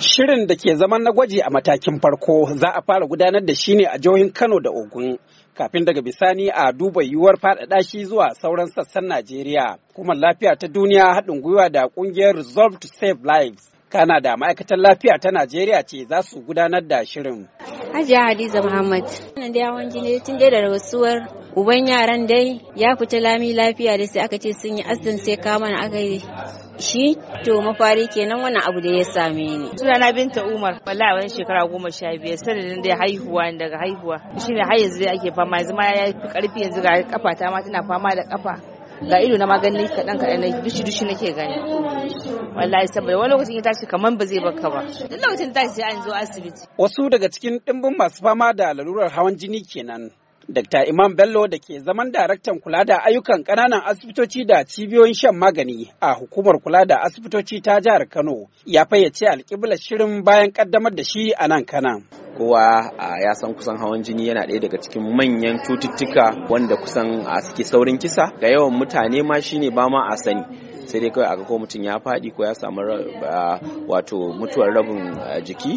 Shirin da ke zaman na gwaji a matakin farko za a fara gudanar da shi ne a jihohin Kano da Ogun, kafin daga bisani a duba yiwuwar faɗaɗa shi zuwa sauran sassan Najeriya. kuma lafiya ta duniya haɗin gwiwa da ƙungiyar Resolve to Save Lives. Kana da ma'aikatan lafiya ta Najeriya ce za su gudanar da shirin. Hajiya Hadiza Muhammad. Wannan da yawan jini tun dai da rasuwar uban yaran dai ya fita lami lafiya da sai aka ce sun yi asin sai kama na aka yi shi to mafari kenan wannan abu da ya same ni. Sunana Binta Umar wallahi wani shekara goma sha biyar sanadin dai haihuwa daga haihuwa shine har yanzu dai ake fama yanzu ma ya fi karfi yanzu ga kafa ta ma tana fama da kafa ga ido na magani kaɗan kaɗan na dushi dushi nake gani wallahi saboda wani lokacin ya tashi kamar ba zai baka ba duk lokacin tashi sai an zo asibiti wasu daga cikin ɗimbin masu fama da lalurar hawan jini kenan Dr. Imam Bello da ke zaman daraktan kula da ayyukan ƙananan asibitoci da cibiyoyin shan magani a hukumar kula da asibitoci ta jihar Kano ya fayyace alƙiblar shirin bayan ƙaddamar da shi a nan Kana. Kowa ya san kusan hawan jini yana ɗaya daga cikin manyan cututtuka wanda kusan suke saurin kisa ga yawan mutane ma shine ba ma a sani. sai dai kawai a ga ko mutum ya faɗi ko ya samu wato mutuwar rabin eh, jiki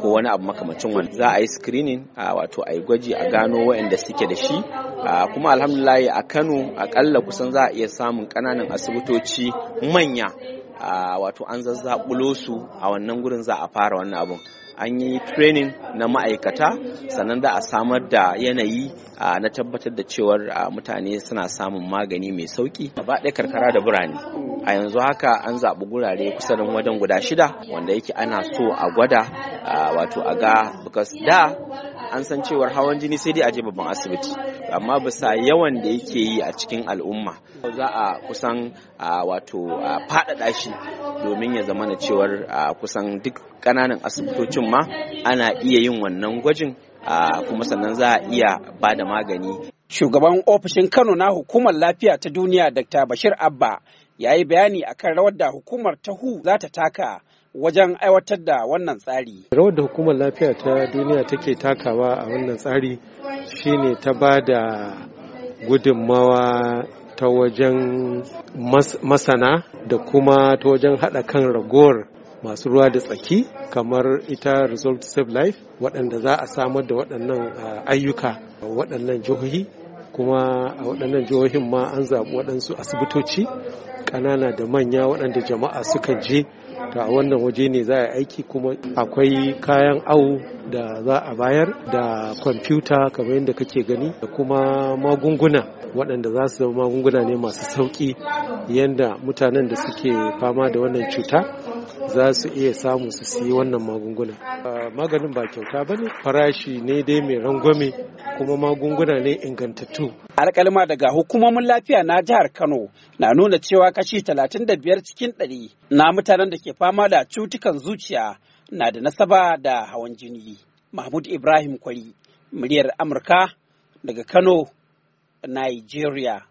ko wani abu makamacin wani za a yi screening wato a yi gwaji a gano waɗanda suke da shi kuma alhamdulahi a kano akalla kusan za a iya samun ƙananan asibitoci manya wato an zazzabulo su a wannan gurin za a fara wannan abun an yi training na ma'aikata sannan da a samar da yanayi na tabbatar da cewar mutane suna samun magani mai sauki ba ɗaya karkara da birane a yanzu haka an zaɓi gurare kusa da wajen guda shida wanda yake ana so a gwada wato a ga da an san cewar hawan jini sai dai a je babban asibiti amma bisa yawan da yake yi a cikin al'umma za a kusan wato faɗaɗa shi domin ya zama na cewar kusan duk ƙananan asibitocin ma ana iya yin wannan gwajin kuma sannan za a iya ba da magani shugaban ofishin kano na hukumar lafiya ta duniya dr bashir abba ya yi bayani akan rawar da hukumar ta hu za ta taka wajen aiwatar da wannan tsari. Rawar da hukumar lafiya ta duniya take takawa a wannan tsari shine ta ba da gudunmawa ta wajen masana da kuma ta wajen haɗa kan ragowar masu ruwa da tsaki kamar ita result save life waɗanda za a samar da waɗannan ayyuka waɗannan jihohi kuma a waɗannan jihohin ma an zaɓi waɗansu asibitoci ƙanana da manya waɗanda jama'a suka je ta wannan waje ne za a aiki kuma akwai kayan awo da za a bayar da kwamfuta kamar yadda kake gani da kuma magunguna waɗanda za su zama magunguna ne masu sauƙi yadda mutanen da suke fama da wannan cuta za su iya samu su siyi wannan magunguna maganin ba kyauta ba ne farashi ne dai mai rangwame kuma magunguna ne ingantattu. Alƙalma daga hukumomin lafiya na jihar Kano na nuna cewa kashi talatin da biyar cikin ɗari. na mutanen da ke fama da cutukan zuciya na da nasaba da hawan jini. Mahmud Ibrahim Kwari, muryar Amurka daga Kano, Nigeria.